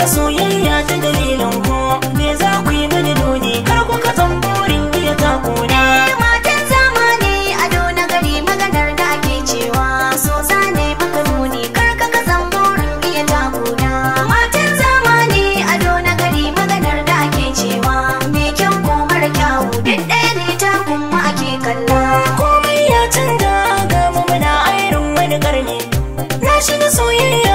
da soyayya ta dalilin ko. me za ku yi mini dole kar ku ka san burin iya takuna matan zamani ado na gari maganar da ake cewa so zane maka nuni kar ka ka san burin iya takuna matan zamani ado na gari maganar da ake cewa me kyan ko mara kyawu duk ɗaya ne takun ake kalla komai ya canza ga mu muna airin wani karni na shiga soyayya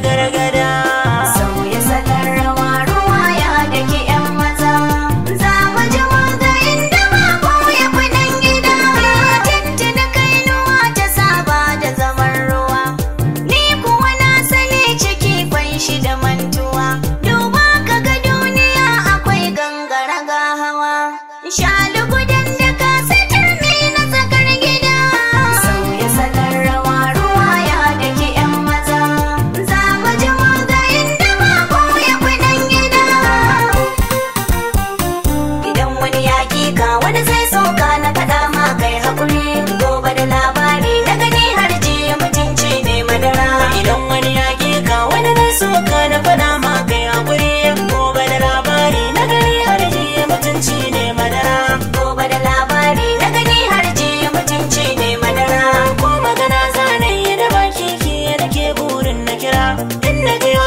gotta, reggae